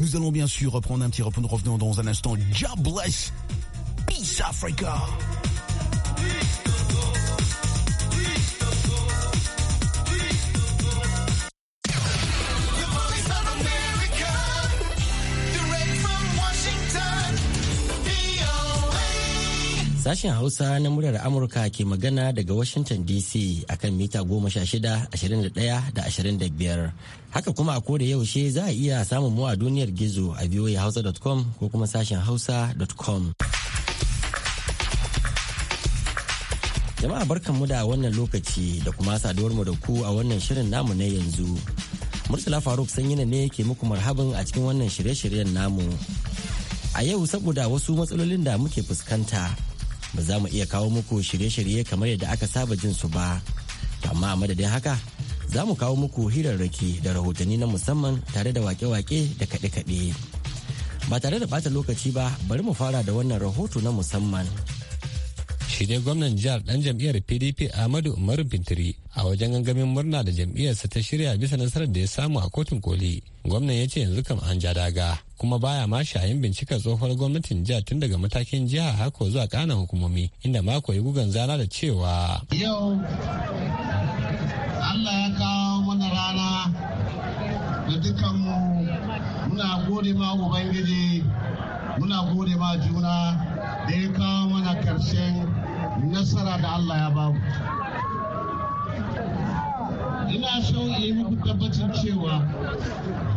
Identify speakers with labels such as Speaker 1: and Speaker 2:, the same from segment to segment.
Speaker 1: Nous allons bien sûr reprendre un petit repos. Nous revenons dans un instant. God bless. Peace Africa.
Speaker 2: Sashen Hausa na muryar Amurka ke magana daga Washington DC akan mita goma sha shida, ashirin da ɗaya da ashirin da biyar. Haka kuma a koda yaushe za a iya samun mu a duniyar gizo a voahausa.com ko kuma sashen hausa.com. Jama'a barkanmu da wannan lokaci da kuma saduwar mu da ku a wannan shirin namu na yanzu. Murtala Faruk Sanyina ne ke muku marhabin a cikin wannan shirye-shiryen namu. A yau saboda wasu matsalolin da muke fuskanta. ba za mu iya kawo muku shirye-shirye kamar yadda aka saba jin su ba amma a madadin haka za mu kawo muku hirarraki da rahotanni na musamman tare da wake-wake da kaɗe-kaɗe ba tare da ɓata lokaci ba bari mu fara da wannan rahoto na
Speaker 3: musamman shi dai gwamnan jihar dan jam'iyyar pdp ahmadu umaru bintiri a wajen gangamin murna da jam'iyyarsa ta shirya bisa nasarar da ya samu a kotun koli gwamnan ya ce yanzu kam an ja daga kuma baya ma shayin bincika tsohuwar gwamnatin jihar tun daga matakin jiha ko zuwa kanan hukumomi inda mako ya gugan zana da cewa yau
Speaker 1: allah ya kawo mana rana da dukanmu muna gode ma ubangiji muna gode ma juna da ya kawo mana karshen nasara da Allah ya babu. Ina so yi muku tabbacin cewa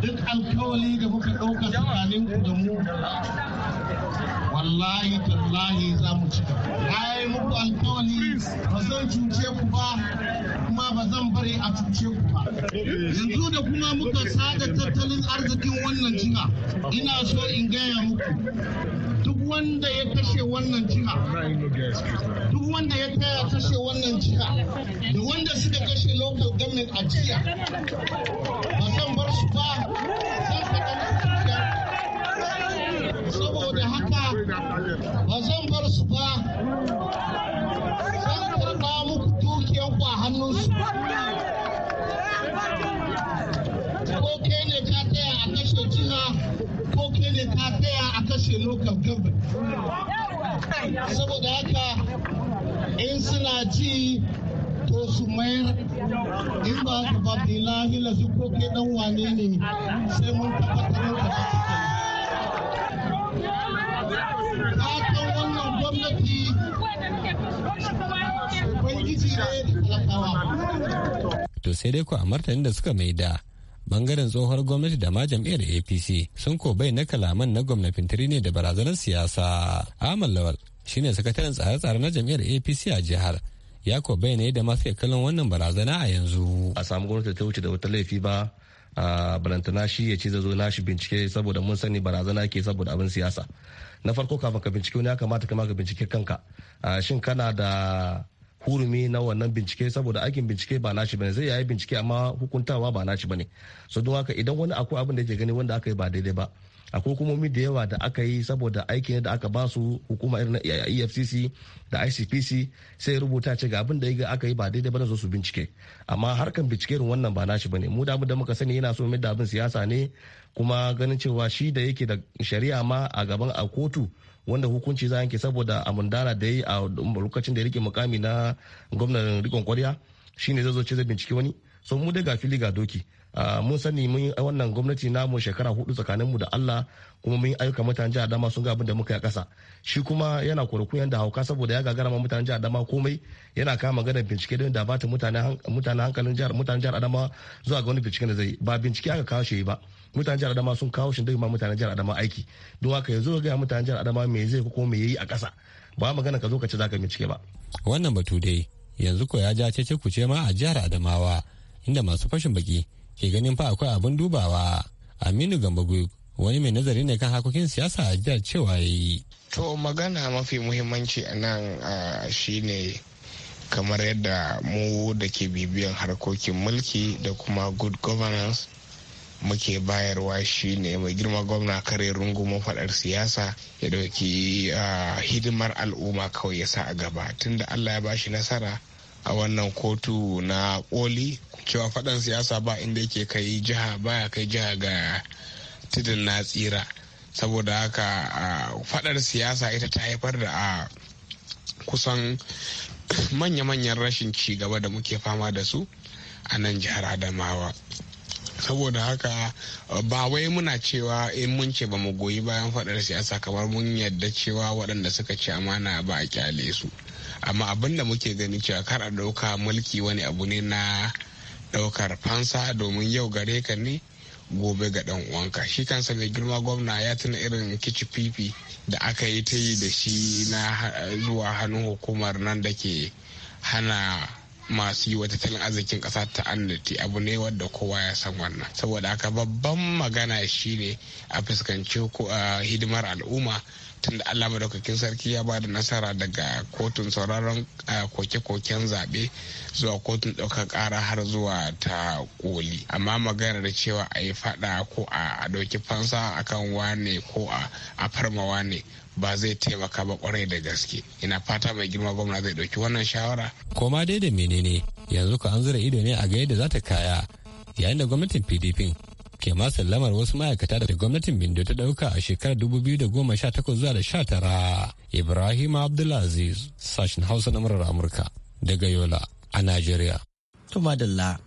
Speaker 1: duk alkawali da muka ɗauka tsakanin ku da mu
Speaker 4: wallahi
Speaker 1: tallahi za mu ci Na yi muku alkawali ba zan cuce ku ba kuma ba zan bari a cuce ku ba. Yanzu da kuma muka sada tattalin arzikin wannan jiha ina so in gaya muku duk wanda ya kashe wannan jiha duk wanda ya taya kashe wannan jiha da wanda suka kashe local government a jiya ba zan bar su ba saboda haka ba zan bar su ba zan karɓa muku dukiyar ku a hannunsu ko ke ne ka taya a kashe jiha ko ke ne ka taya a kashe local government saboda haka in suna ci to su mayar in ba ka ba lahi la su ko ke dan wane ne sai mun tabbatar da fatan wannan gwamnati ubangiji ne da kawa
Speaker 3: to sai dai ku a martanin da suka mai da bangaren tsohuwar gwamnati da ma jam'iyyar apc sun ko bai na kalaman na gwamnatin ne da barazanar siyasa amal lawal shine sakataren tsare-tsare na jam'iyyar apc a jihar ko bayyana yadda masu ke kallon wannan
Speaker 1: barazana a yanzu a samu gwamnati ta wuce da wata laifi ba a balantana shi ya ce zai zo nashi bincike saboda mun sani barazana ke saboda abin siyasa na farko kafin ka bincike wani ya kamata kama ka bincike kanka shin kana da hurumi na wannan bincike saboda aikin bincike ba nashi bane zai yayi bincike amma hukuntawa ba nashi bane so don haka idan wani akwai abin da ke gani wanda aka yi ba daidai ba akwai hukumomi da yawa da aka yi saboda aikin da aka basu su hukuma irin na efcc da icpc sai rubuta ce ga abin da ga aka yi ba daidai bane na su bincike amma harkan bincike wannan ba nashi bane mu da mu da muka sani yana so da abin siyasa ne kuma ganin cewa shi da yake da shari'a ma a gaban a kotu wanda hukunci za yanke saboda amundana da ya yi a lokacin da ya rike mukami na gwamnan rikon kwarya shine zai zo ce zai bincike wani so mu dai ga fili ga doki Ah, mun sani mun yi wannan gwamnati namu shekara hudu tsakanin mu da Allah kuma mun yi ayyuka mutanen jihar dama sun ga abin da muka yi kasa shi kuma yana kurkun yanda hauka saboda ya gagara ma mutanen jihar dama komai yana kama maganar bincike don da bata mutanen hankalin jihar mutanen jihar Adama zuwa ga wani bincike da zai ba bincike aka kawo shi ba mutanen jihar adama sun kawo shi ma mutanen jihar adama aiki don haka yanzu ga mutanen jihar adama me zai ko me yayi a ƙasa ba magana ka zo ka ci zaka bincike ba wannan batu dai yanzu ko ya ja ce ku ce ma a jihar
Speaker 3: adamawa inda masu fashin baki ke ganin fa akwai abin dubawa aminu gambagwe wani mai nazari ne kan harkokin siyasa a jihar cewa ya yi
Speaker 5: to magana mafi muhimmanci a nan shine kamar yadda mu da ke bibiyan harkokin mulki da kuma good governance muke bayarwa shine mai girma gwamna kare rungumo fadar siyasa ya dauki hidimar al'umma kawai ya sa a gaba tunda allah ya bashi nasara a wannan kotu na koli cewa faɗan siyasa ba inda yake kai jiha baya kai jiha ga tudun na tsira saboda haka fadar siyasa ita ta haifar da a kusan manya-manyan rashin ci gaba da muke fama da su a nan jihar adamawa saboda haka ba wai muna cewa in mun ce ba mu goyi bayan fadar siyasa kamar mun yadda cewa waɗanda suka ci amana ba a kyale su amma abin da muke gani cewa kar a ɗauka mulki wani abu ne na ɗaukar fansa domin yau gare ka ne gobe ga ɗan uwanka shi kansa mai girma gwamna ya tuna irin kici fifi da aka yi ta yi da shi na zuwa hannun hukumar nan da ke hana masu yi wa tattalin arzikin ƙasa ta annati abu ne wadda kowa ya san wannan saboda haka babban magana shine a fuskanci hidimar al'umma tunda allah madaukakin sarki ya ba da nasara daga kotun sauraron koke-koken zaɓe zuwa kotun ɗaukar ƙara har zuwa ta koli amma magana da cewa a yi faɗa ko a ɗauki fansa akan wane ko a farma wane ba zai taimaka ba kwarai da gaske ina fata mai girma gwamna zai ɗauki wannan shawara
Speaker 3: koma dai da menene yanzu ka an zura ido ne a ga yadda za ta kaya yayin da gwamnatin pdp ke ma sallamar wasu ma'aikata da gwamnatin bindo ta dauka a shekarar 2018 zuwa da 19 ibrahim abdulaziz sashen hausa na murar amurka daga yola a nigeria
Speaker 2: to madalla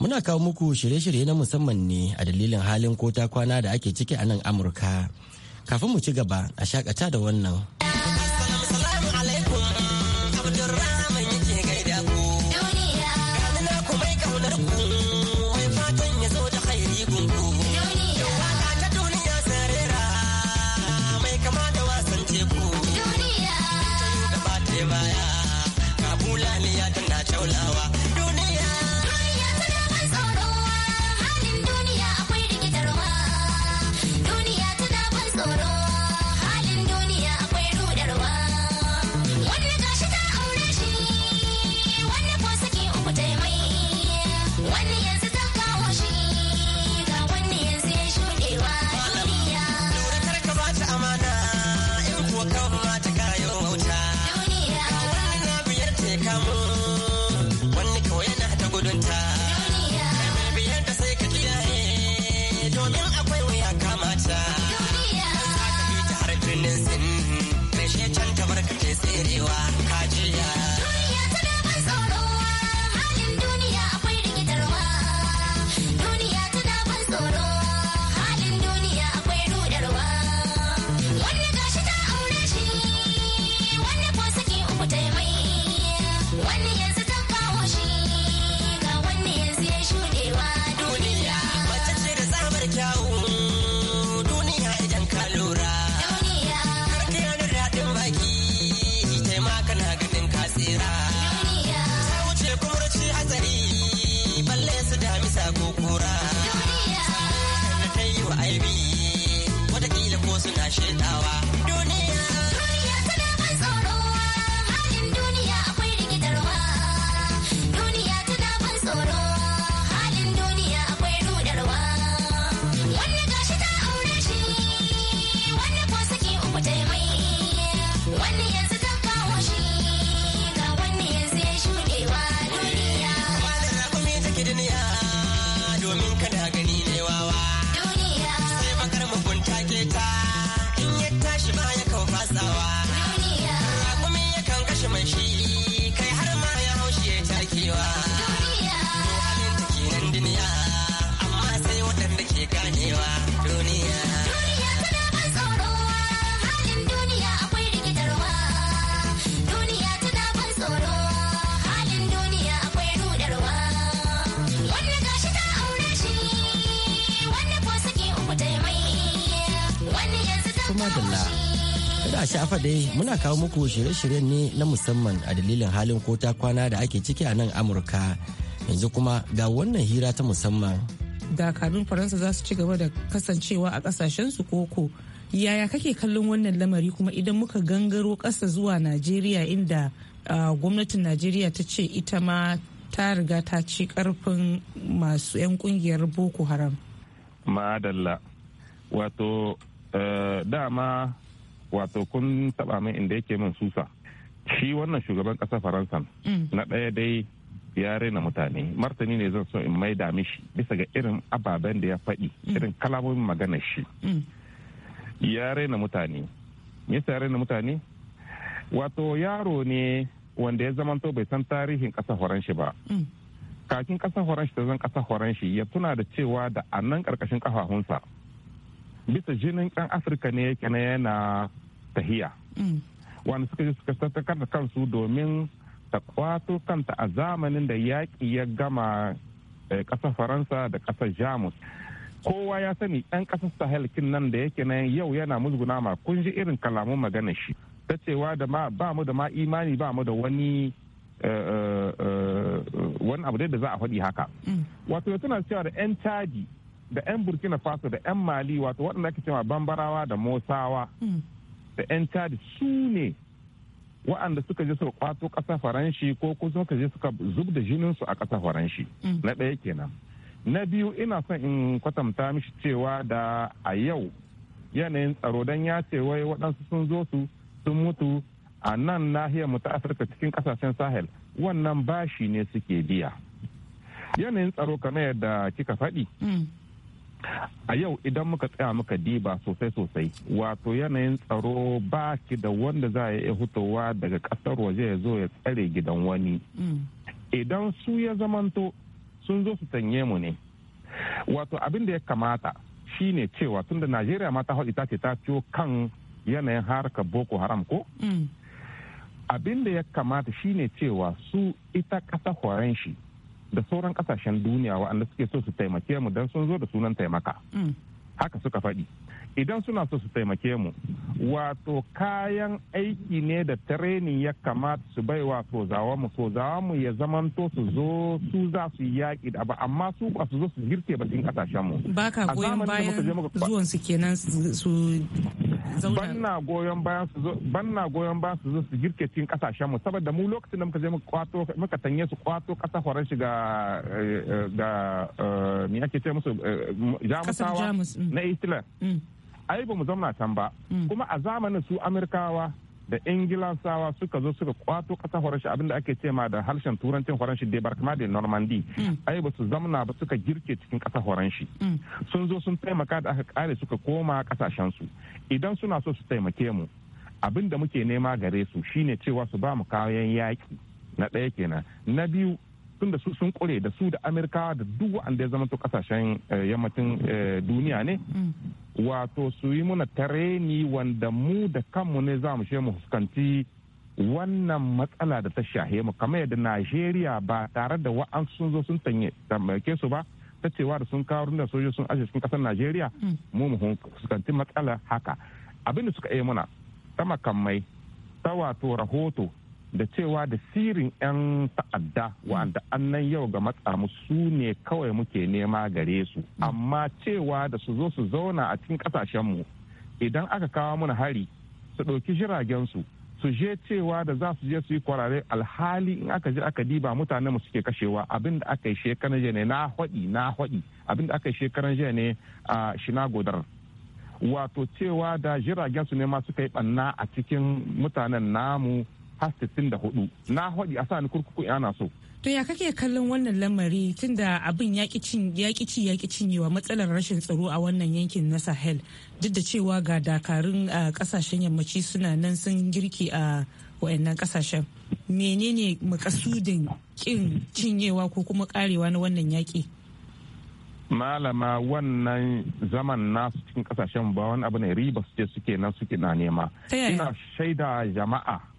Speaker 2: muna kawo muku shirye-shirye na musamman ne a dalilin halin ko kwana da ake ciki a nan amurka kafin mu ci gaba a shakata da wannan dai muna kawo muku shirye-shiryen ne na musamman a dalilin halin ko ta kwana da ake ciki a nan Amurka. Yanzu kuma ga wannan hira ta musamman.
Speaker 6: Dakarun Faransa za su ci gaba da kasancewa a kasashensu koko. Yaya kake kallon wannan lamari kuma idan muka gangaro kasa zuwa Najeriya inda gwamnatin Najeriya ta ce ita ma ta riga ta ci karfin masu 'yan kungiyar Boko Haram.
Speaker 4: Madalla. Wato eh, dama wato kun taba min inda yake min susa shi wannan shugaban ƙasa faransa mm. na ɗaya dai ya raina mutane martani ne zan so in maida mishi bisa ga irin ababen da ya faɗi mm. irin kalamomin maganar shi mm. ya raina mutane yasa ya raina mutane wato yaro ne wanda ya zamanto bai san tarihin ƙasa faranshi ba kakin ƙasa faranshi ta zan ƙasa faranshi ya tuna da cewa da annan ƙarƙashin kafafunsa bisa jinin ɗan afirka ne yake na yana tahiya mm. wanda suka yi suka tattakar da kansu domin ta kwato kanta a zamanin da yaƙi ya gama eh, ƙasar faransa da ƙasar jamus kowa ya sani ɗan ƙasar sahel kin nan da yake na yau yana musguna ma kun ji irin kalamun magana shi ta cewa da ma ba mu da ma imani ba mu da wani eh, eh, wani abu da za a faɗi haka mm. wato ya tuna cewa da 'yan caji da 'yan burkina faso da 'yan mali wato waɗanda ake cewa bambarawa da mosawa hmm. da 'yan cadi su ne waɗanda suka je suka kwato ƙasa faranshi ko kuma suka je suka zub da jininsu a ƙasa faranshi hmm. na ɗaya kenan na biyu ina son in kwatanta mishi cewa da a yau yanayin tsaro don ya ce wai waɗansu sun zo su sun mutu a nan nahiyar mu ta afirka cikin ƙasashen sahel wannan bashi ne suke biya yanayin tsaro kamar yadda kika faɗi hmm. a yau idan muka tsaya muka diba sosai sosai wato yanayin tsaro ba ki da wanda za a iya hutowa daga kasar waje ya zo ya tsare gidan wani mm. idan su ya zamanto sun zo su tanye mu ne wato abin da ya kamata shine cewa tunda najeriya ma ta hau ita ce ta ciyo kan yanayin harkar boko haram ko mm. abin da ya kamata shine cewa su ita ƙasa horon shi da sauran kasashen duniya waɗanda suke so su taimake mu don sun zo da sunan taimaka mm. haka suka faɗi idan suna so su taimake mu wato kayan aiki ne da tirenin ya kamata su bai wa tozawa mu tozawa mu ya zamanto su zo su za su yi yaƙi da ba amma su ba su zo su girke ba cikin kasashen mu ba goyon bayan zuwan su kenan su banna goyon basu zo goyon bayan su zo su girke cikin kasashen mu saboda mu lokacin da muka je muka tanye su kwato kasa horon shi ga ga eh, eh, eh, ake ce musu jamusawa mm. na Hitler mm. ai ba mu zauna can ba mm. kuma a zamanin su Amerikawa da ingilasawa suka zo suka kwato ƙasar horanshi abinda ake ce ma da harshen turancin horanshi barkama da normandy mm. ai ba su zamna ba suka girke cikin ƙasar horanshi mm. sun zo sun taimaka da aka kare suka koma ƙasashensu idan suna so su taimake mu abinda muke nema gare su shine cewa su ba mu kayan yaki na ɗaya kenan na biyu tunda su sun kure da su da amurka da duk wanda ya zama to kasashen eh, yammacin eh, duniya ne mm. wato su yi muna tareni wanda mu da kanmu ne za mu mu fuskanci wannan matsala da ta shahe mu kamar yadda najeriya ba tare da wa'ansu sun zo sun tamake su ba ta cewa da sun kawo da sojoji sun ajiye cikin kasar najeriya mm. mu mu fuskanci matsala haka abin da suka yi muna ta makamai ta wato rahoto da cewa da sirin 'yan ta'adda wanda annan yau ga matsa su ne kawai muke nema gare su mm. amma cewa da su zo su zauna a cikin kasashenmu idan aka kawo mana hari su ɗauki jiragensu su je cewa da za su je su yi kwarare alhali in aka je aka diba mutanen mu suke kashewa abin da aka yi shekaran jiya ne na haɗi na haɗi abin da aka yi shekaran jiya ne a shina godar wato cewa da jiragen su ne ma suka yi ɓanna a cikin mutanen namu 64 na haɗi a sani kurkuku yana so
Speaker 6: To ya kake kallon wannan lamari tunda abin ya ci ya cinyewa matsalar rashin tsaro a wannan yankin na Sahel duk da cewa ga dakarun kasashen yammaci suna nan sun girki a wayannan kasashen. Menene makasudin kin cinyewa ko kuma karewa na wannan yaki?
Speaker 4: Malama wannan zaman nasu cikin kasashen ba wani abu ne riba suke suke nan suke na nema. Ina shaida jama'a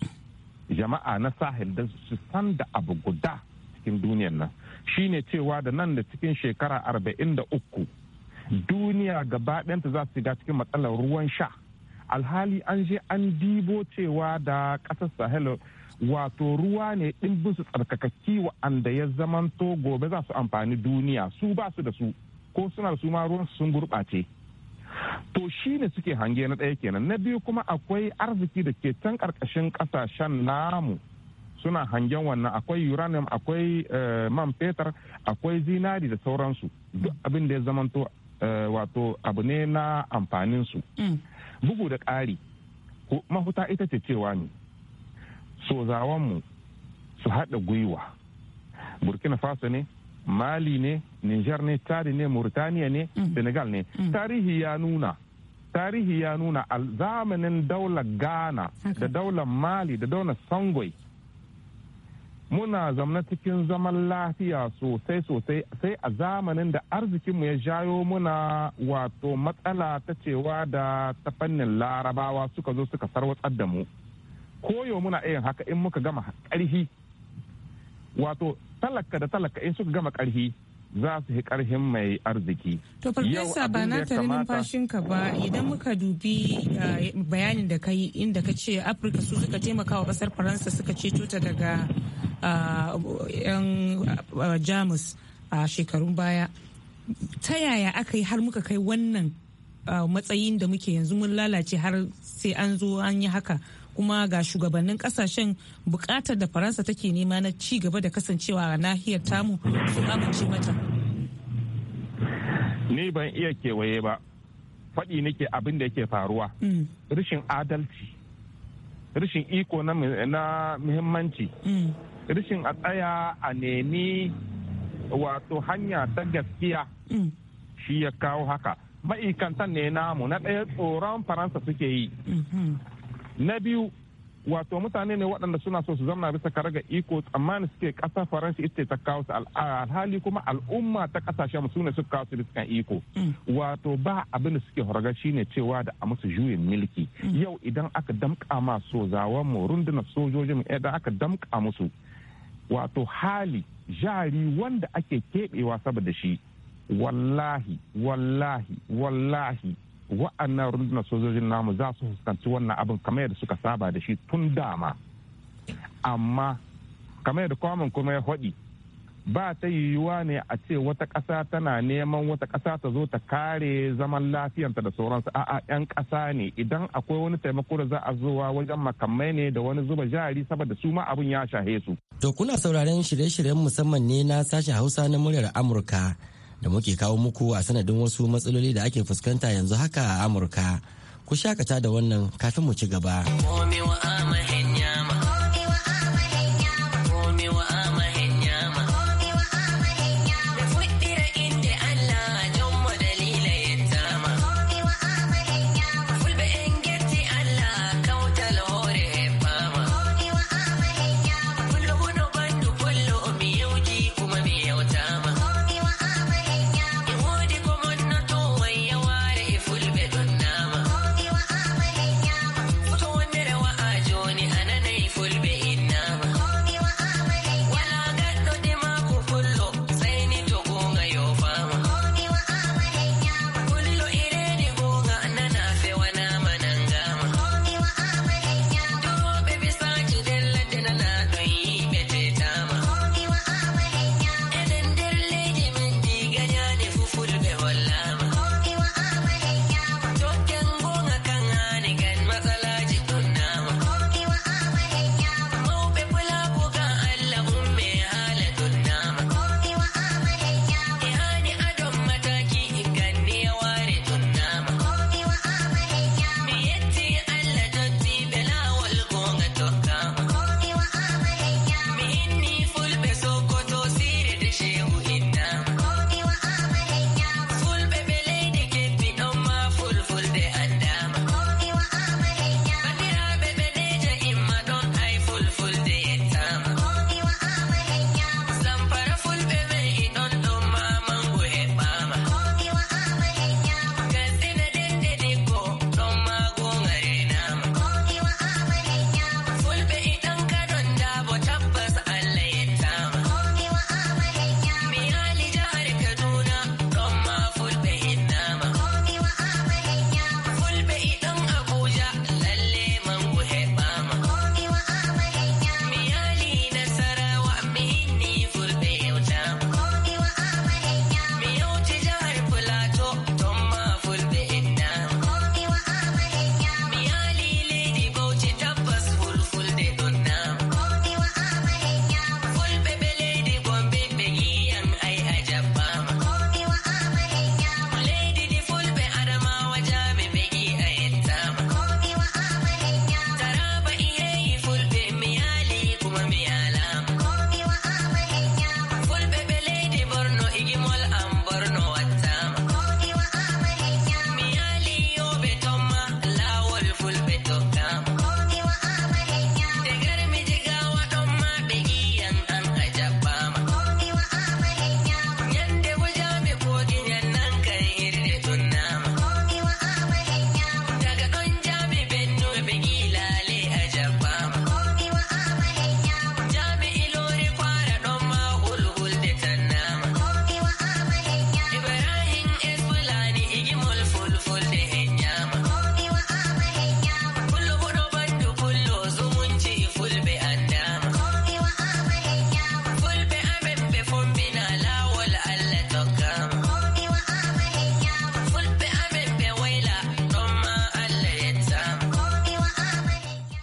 Speaker 4: jama'a na sahel da su san da abu guda cikin duniyar nan shine cewa da nan da cikin shekara arba'in da uku duniya gaba ɗanta za su shiga cikin matsalar ruwan sha alhali an je an dibo cewa da ƙasar sahel wato ruwa ne ɗimbin su tsarkakakki wa'anda ya zamanto gobe za su amfani duniya su ba su da su ko suna da su ma ruwan sun gurɓace to shi ne suke hange na ɗaya kenan na biyu kuma akwai arziki da ke can ƙarƙashin ƙasashen namu suna hangen wannan akwai uranium akwai eh, man fetur akwai zinari da sauransu duk abin da ya zamanto eh, wato abu ne na su mm. bugu da ƙari mahuta ita ce cewa ne sozawanmu su haɗa gwiwa burkina faso ne mali ne niger ne chad ne mauritania ne mm. senegal ne mm. tarihi ya nuna tarihi ya nuna a zamanin daular ghana da daular mali da daular sangwai muna zamna cikin zaman lafiya sosai sosai sai a zamanin da arzikinmu ya jayo muna wato matsala ta cewa da ta fannin larabawa suka zo suka sarwatsar da mu koyo muna iya haka in muka gama ƙarfi wato talaka da talaka in suka gama karhi za su yi karhin mai arziki. To farfesa ba na tare numfashinka
Speaker 6: ba idan muka dubi uh, bayanin da ka inda ka ce Afirka su suka taimaka wa kasar Faransa suka ce ta daga uh, 'yan uh, Jamus a shekarun baya. Ta yaya aka yi har muka kai wannan matsayin da muke yanzu mun lalace har sai an zo an yi haka kuma ga shugabannin kasashen bukatar da faransa take nema na ci gaba da kasancewa a nahiyar tamu su amince mata
Speaker 4: ni ban iya kewaye ba faɗi nake abin da yake faruwa mm. rashin adalci rashin iko na muhimmanci mm. rashin a tsaya a nemi wato hanya ta gaskiya mm. shi ya kawo haka ma'ikantan ne namu na ɗaya tsoron faransa suke yi mm-hmm. na biyu wato mutane ne waɗanda suna so su zama bisa kare ga iko tsammani suke ƙasa faransa ita ta kawo su alhali kuma al'umma ta ƙasashen su ne suka kawo su bisa iko mm. wato ba abin da suke horga shine cewa da a musu juyin milki mm. yau idan aka damƙa ma zawon mu rundunar sojojin mu idan aka damƙa musu wato hali jari wanda ake keɓewa saboda shi wallahi wallahi wallahi wa'annan rundunar sojojin namu za su fuskanci wannan abin kamar yadda suka saba da shi tun dama amma kamar yadda kwamin kuma ya haɗi ba ta yiwuwa ne a ce wata ƙasa tana neman wata ƙasa ta zo ta kare zaman lafiyanta da sauransu a'a 'yan ƙasa ne idan akwai wani taimako da za a zowa wajen makamai ne da wani zuba jari saboda su ma abin ya shahe su.
Speaker 2: to kuna sauraren shirye-shiryen musamman ne na sashen hausa na muryar amurka da muke kawo muku a sanadin wasu matsaloli da ake fuskanta yanzu haka a Amurka. Ku shakata da wannan kafin mu ci gaba.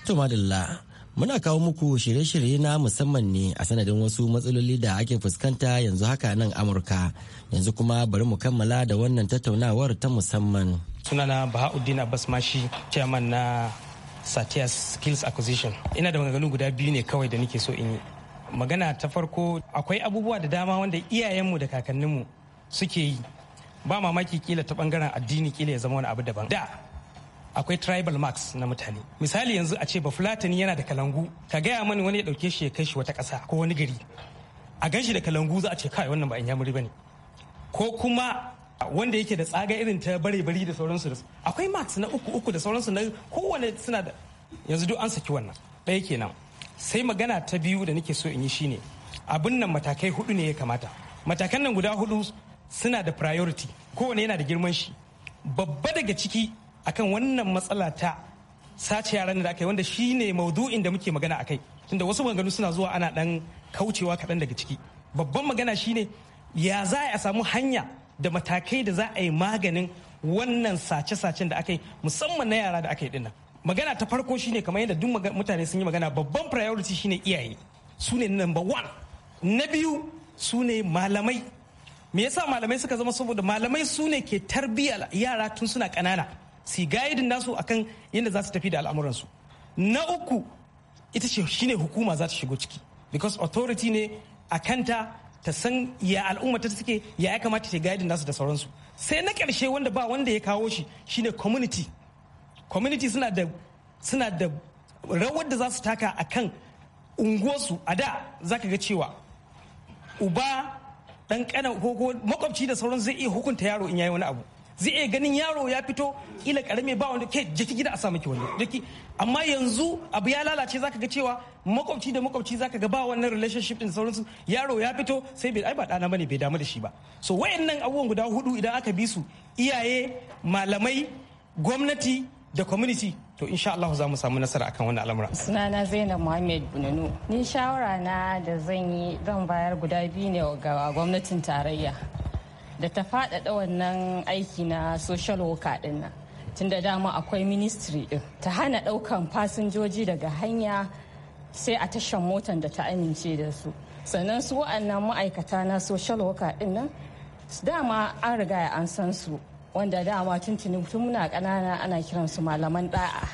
Speaker 2: To madalla muna kawo muku shirye-shirye na musamman ne a sanadin wasu matsaloli da ake fuskanta yanzu haka nan Amurka. Yanzu kuma bari mu kammala da wannan tattaunawar ta musamman.
Speaker 7: Sunana Bahauddin Abbas Mashi, chairman na Satya Skills Acquisition. Ina da maganganu guda biyu ne kawai da nake so in yi. Magana ta farko akwai abubuwa da dama wanda iyayenmu da kakanninmu suke yi. Ba mamaki kila ta bangaren addini kila ya zama wani abu daban. Da akwai tribal marks na mutane misali yanzu a ce ba fulatani yana da kalangu ka gaya mani wani ya dauke shi ya kai shi wata ƙasa ko wani gari a gan shi da kalangu za a ce kai wannan ba in yamuri bane ko kuma wanda yake da tsaga irin ta bare bari da sauransu akwai marks na uku uku da sauransu na kowane suna da yanzu duk an saki wannan ɗaya kenan sai magana ta biyu da nake so in yi shine abin nan matakai hudu ne ya kamata matakan nan guda hudu suna da priority kowane yana da girman shi babba daga ciki akan wannan matsala ta sace yaran da aka yi wanda shi ne maudu'in da muke magana akai tunda wasu maganganu suna zuwa ana dan kaucewa kaɗan daga ciki babban magana shi ne ya za a samu hanya da matakai da za a yi maganin wannan sace-sacen da aka yi musamman na yara da aka yi dinnan magana ta farko shi ne kamar yadda duk mutane sun yi magana babban priority shi ne iyaye su ne number one na biyu su ne malamai me yasa malamai suka zama saboda malamai su ne ke tarbiyyar yara tun suna ƙanana su da nasu akan yadda za su tafi da al'amuransu na uku ita ce shine hukuma za ta shigo ciki because authority ne a kanta ta san ya al'umma ta suke ya ya kamata ta gaidin nasu da sauransu sai na karshe wanda ba wanda ya kawo shi shine community community suna da suna da rawar da za su taka a kan unguwarsu a da za ka ga cewa uba dan kana ko makwabci da sauran zai iya hukunta yaro in yayi wani abu zai iya ganin yaro ya fito ila karami ba wanda ke jiki gida a samu miki wani jiki amma yanzu abu ya lalace zaka ga cewa makwabci da makwabci zaka ga ba wannan relationship din sauransu yaro ya fito sai bai ai ba dana bane bai damu da shi ba so wayannan abubuwan guda hudu idan aka bi su iyaye malamai gwamnati da community to insha Allah za mu samu nasara akan wannan al'amura.
Speaker 8: Sunana Zainab Muhammad nanu. Ni shawara na da zan yi zan bayar guda biyu ne ga gwamnatin tarayya. da ta faɗaɗa wannan aiki na social worker ɗin nan tun da dama akwai ministry ɗin ta hana ɗaukan fasinjoji daga hanya sai a tashan motan da ta amince da su sannan su wa'annan ma'aikata na social worker ɗin nan dama an riga an san su wanda dama tuntuni tun muna ƙanana ana kiransu malaman ɗa'a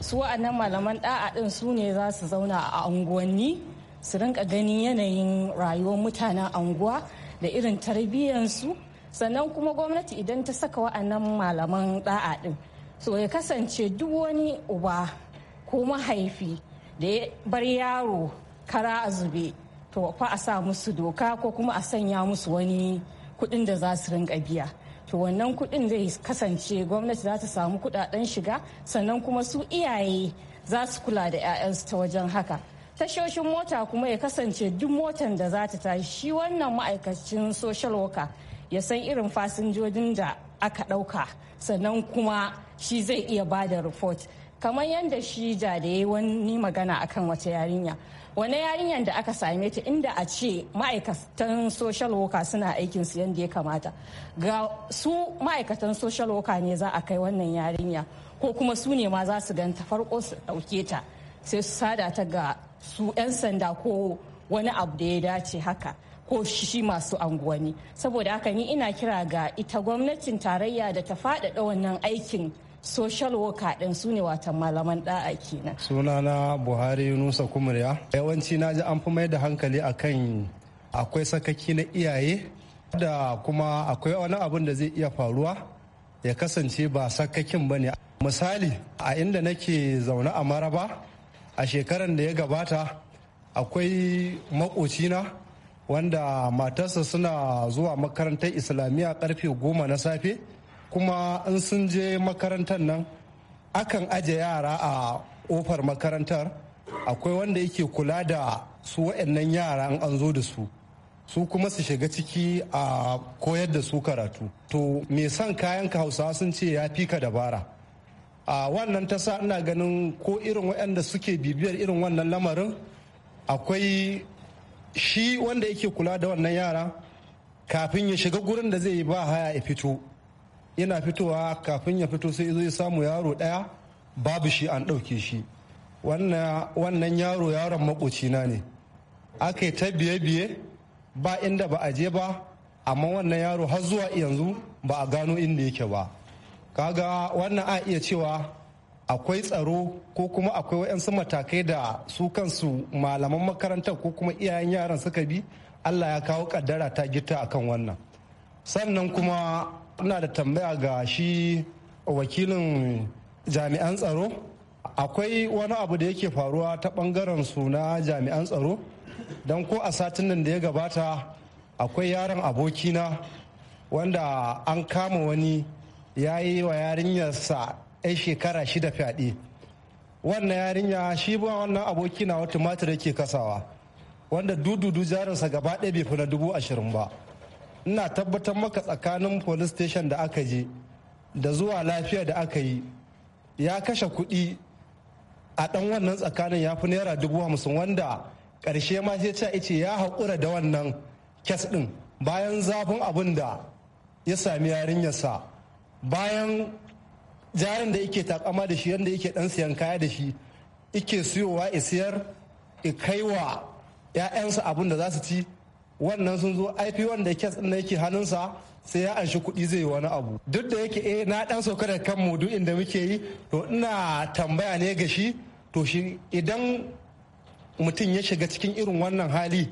Speaker 8: su wa'annan malaman da'a ɗin su ne za su zauna a unguwanni su rinka ganin yanayin rayuwar mutanen anguwa da irin tarbiyyansu sannan kuma gwamnati idan ta saka wa'annan malaman da'a din so ya kasance duk wani uba ko mahaifi da ya bar yaro kara a zube to fa a sa musu doka ko kuma a sanya musu wani kudin da za su rinka biya to wannan kudin zai kasance gwamnati za ta samu kuɗaɗen shiga sannan kuma su iyaye za su kula da 'ya'yansu ta wajen haka tashoshin mota kuma ya kasance duk motan da za ta tashi shi wannan ma'aikacin social worker ya san irin fasinjojin da aka ɗauka sannan kuma shi zai iya ba da report kamar yadda shi ja da ya wani magana akan wata yarinya wani yarinyar da aka same ta inda a ce ma'aikatan social worker suna aikin su yadda ya kamata ga su ma'aikatan social worker ne za a kai wannan yarinya ko kuma su ne ma za su ganta farko su ɗauke ta sai su sada ta ga su 'yan sanda ko wani abu da ya dace haka ko shi masu anguwanni saboda haka ni ina kira ga ita gwamnatin tarayya da ta faɗaɗa wannan aikin social worker ɗin su ne watan malaman ɗa'a kenan
Speaker 9: sunana buhari Nusa, kumriya yawanci na ji an fi mai da hankali akan akwai sakaki na iyaye da kuma akwai wani abin da zai iya faruwa ya kasance ba sakakin ba ne misali a inda nake zaune a maraba a shekaran da ya gabata akwai makocina wanda matarsa suna zuwa makarantar islamiyya karfe goma na safe kuma in sun je makarantar nan akan aje yara a kofar makarantar akwai wanda yake kula da su waɗannan yara in an zo da su su kuma su shiga ciki a koyar da su karatu to me son kayan ka hausawa sun ce ya fi ka dabara a wannan ta sa ina ganin ko irin waɗanda suke bibiyar irin wannan lamarin akwai shi wanda yake kula da wannan yara kafin ya shiga gurin da zai yi ba haya ya fito yana fitowa kafin ya fito sai zai samu yaro ɗaya babu shi an ɗauke shi wannan yaro yaron makocina ne aka yi ta biye-biye ba inda ba a je ba amma wannan yaro har zuwa yanzu ba a gano inda yake ba kaga wannan a iya cewa akwai tsaro ko kuma akwai waɗansu matakai da su kansu malaman makarantar ko kuma iyayen yaran suka bi allah ya kawo kaddara ta gita akan wannan sannan kuma ina da tambaya ga shi wakilin jami'an tsaro akwai wani abu da yake faruwa ta bangaren su na jami'an tsaro don ko a satin nan da ya gabata akwai yaron abokina wanda an kama wani ya yi wa yarinyarsa 'yan shekara shida fyaɗe wannan yarinya shi ba wannan aboki na wata da yake kasawa wanda dududu jarinsa gaba ɗaya bai fi na dubu ashirin ba ina tabbatar maka tsakanin police station da aka je da zuwa lafiya da aka yi ya kashe kuɗi a ɗan wannan tsakanin ya fi naira dubu hamsin wanda ƙarshe ma sai ce ice ya haƙura da wannan kes ɗin bayan zafin abin da ya sami yarinyarsa bayan jarin da yake takama da shi yadda yake dan siyan kaya da shi ike siyowa ya siyar ya kai wa 'ya'yansa abin da za su ci wannan sun zo aifi wanda kes ɗin da yake hannunsa sai ya anshi kuɗi zai yi wani abu duk da yake eh na ɗan saukar da kan maudu'in da muke yi to ina tambaya ne ga shi to shi idan mutum ya shiga cikin irin wannan hali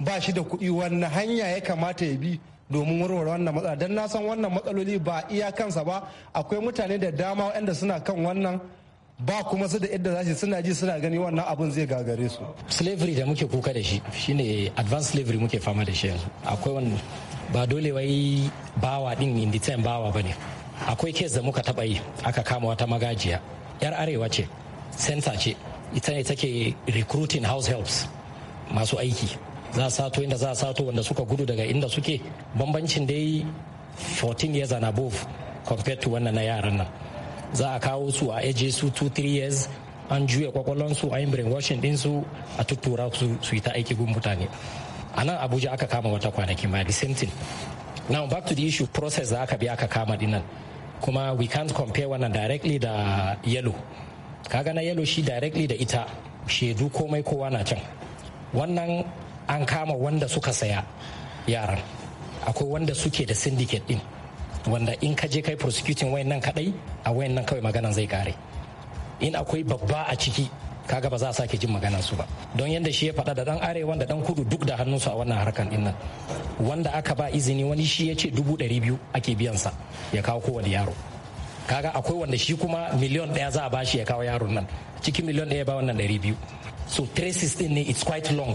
Speaker 9: ba shi da kuɗi wannan hanya ya kamata ya bi domin warware wannan matsala don na san wannan matsaloli ba iya kansa ba akwai mutane da dama wanda suna kan wannan ba kuma su da yadda za su suna ji suna gani wannan abun zai gagare su slavery da muke kuka da shi
Speaker 10: shine advanced slavery muke fama da shi yanzu akwai wani ba dole wai bawa din in the time bawa bane akwai kes da muka taba yi aka kama wata magajiya yar arewa ce center ce ita ne take recruiting house helps masu aiki za a sato inda za a sato wanda suka gudu daga inda suke bambancin dai 14 years and above compared to wannan na yaran nan za a kawo su a aje su 2-3 years an juya kwakwalonsu a yin brainwashing dinsu a tuttura su su yi ta aiki gun mutane a nan abuja aka kama wata kwanaki ma the same thing now back to the issue process da aka bi aka kama dinan kuma we can't compare wannan directly da yellow kaga na yellow shi directly da ita shaidu komai kowa na can wannan an kama wanda suka saya yaran akwai wanda suke da syndicate din wanda in ka je kai prosecuting wayan nan kadai a wayan nan kawai maganan zai kare in akwai babba a ciki kaga ba za a sake jin maganan su ba don yadda shi ya fada da dan arewa da dan kudu duk da hannunsu a wannan harkan din wanda aka ba izini wani shi ya ce dubu ɗari biyu ake sa ya kawo kowane yaro kaga akwai wanda shi kuma miliyon ɗaya za a bashi ya kawo yaron nan cikin miliyon daya ba wannan ɗari biyu so traces din ne it's quite long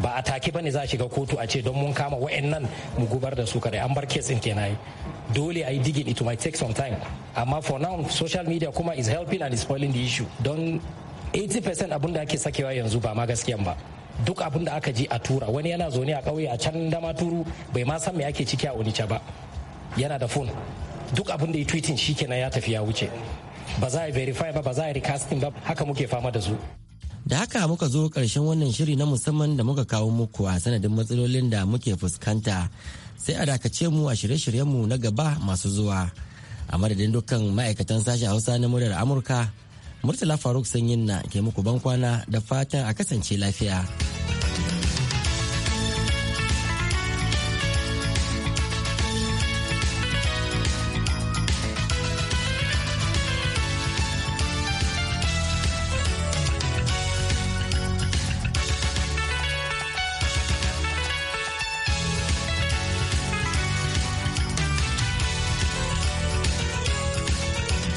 Speaker 10: ba a take ba ne za a shiga kotu a ce don mun kama wa'annan mu gubar da su kare an bar kes kesin kenan dole a yi digin it might take some time amma for now social media kuma is helping and is spoiling the issue don 80% abin da ake sakewa yanzu ba ma gaskiya ba duk abin da aka ji a tura wani yana zaune a kauye a can dama turu bai ma san me ake ciki a onitsha ba yana da phone duk abin da ya tweeting shikenan ya tafi ya wuce ba za a verify ba ba za a recasting ba haka muke fama da su
Speaker 2: Da haka muka zo ƙarshen wannan shiri na musamman da muka kawo muku a sanadin matsalolin da muke fuskanta. Sai a dakace mu a shirye-shiryenmu na gaba masu zuwa. A madadin dukkan ma'aikatan sashen Hausa na muryar Amurka, Murtala Faruk Sanyin na ke muku bankwana da fatan a kasance lafiya.